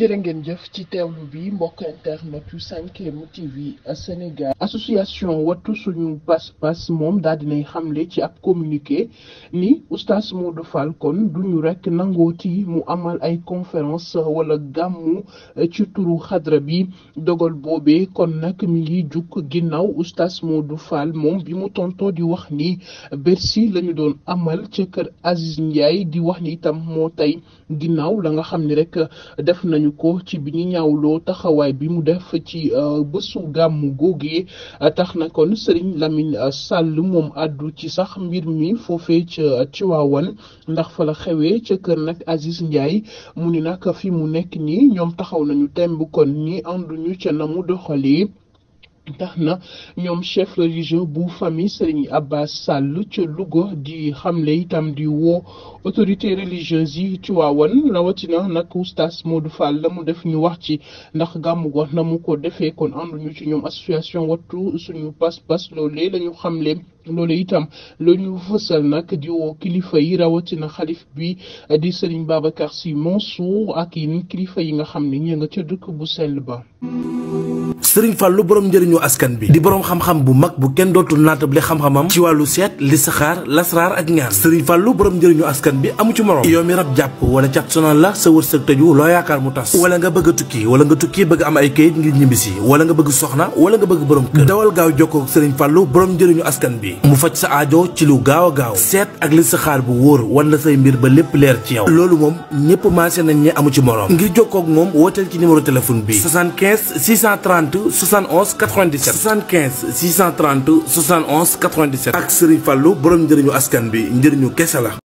jërë ngeen jëf ci teewlu bi mbokk internet yu 5M TV Sénégal association watu suñu pas-pas moom daal dinay xamle ci ab communiqué ni oustaz Modou Fall kon duñu rek nangooti mu amal ay conférence wala gàmmu ci turu xadra bi dogal boobe kon nag mi ngi jukk ginnaaw oustaz Modou Fall moom bi mu tontoo di wax ni Bercy la ñu doon amal ca kër Aziz Ndiaye di wax ni itam moo tey ginnaaw la nga xam ni rek def nañu ko ci bi ñu ñaawloo taxawaay bi mu def ci euh, bésu gàmmu googee tax na kon Serigne Lamine euh, Sall moom àddu ci sax mbir mi foofee ca ci Tiwaawan ndax fa la xewee ca kër nag Aziz Ndiaye mu ni nag fi mu nekk nii ñoom taxaw nañu temb kon ni ànduñu ca na mu doxalee tax na ñoom chef religieux bu famille Serigne Abbas Sall ca Louga di xamle itam di woo autorité religieuse yi ci rawatina nag oustaz Modou Fall la mu def ñu wax ci ndax gàmmu gox na mu ko defee kon ànduñu ci ñoom association wattu suñu pas-pas loolee la ñu xamle loolu itam lu ñu fësal nag di woo kilifa yi rawatina xalif bi di Serigne Babacar Sy Mansour ak yeneen kilifa yi nga xam ne ñee nga ca dëkk bu sell ba. sëriñ fàllu borom njëriñu askan bi di borom xam-xam bu mag bu kenn dootul naatable xam-xamam ci wàllu seet listixaar lasraar ak ñaan sëriñ fàllu borom njëriñu askan bi amu ci morom yow mi rab jàpp wala cat sonal la sa wërsëg tëju loo yaakaar mu tas wala nga bëgg a tukki wala nga tukki bëgg am ay kayit ngir ñibbisi wala nga bëgg soxna wala nga bëgg borom kër dawal gaaw jokkoo sëriñ fàllu borom njëriñu askan bi mu faj sa aajo ci lu gaaw a gaaw seet ak listixaar bu wóor wan say mbir ba lépp leer ci yow loolu moom ñëpp maase nañ ñi amu ci morom ngir jokkoo moom wooteel ci numéro téléphone bi 75 630 71 97 75 630 71 97 ak Serigne fallu borom njëriñu askan bi njëriñu kese la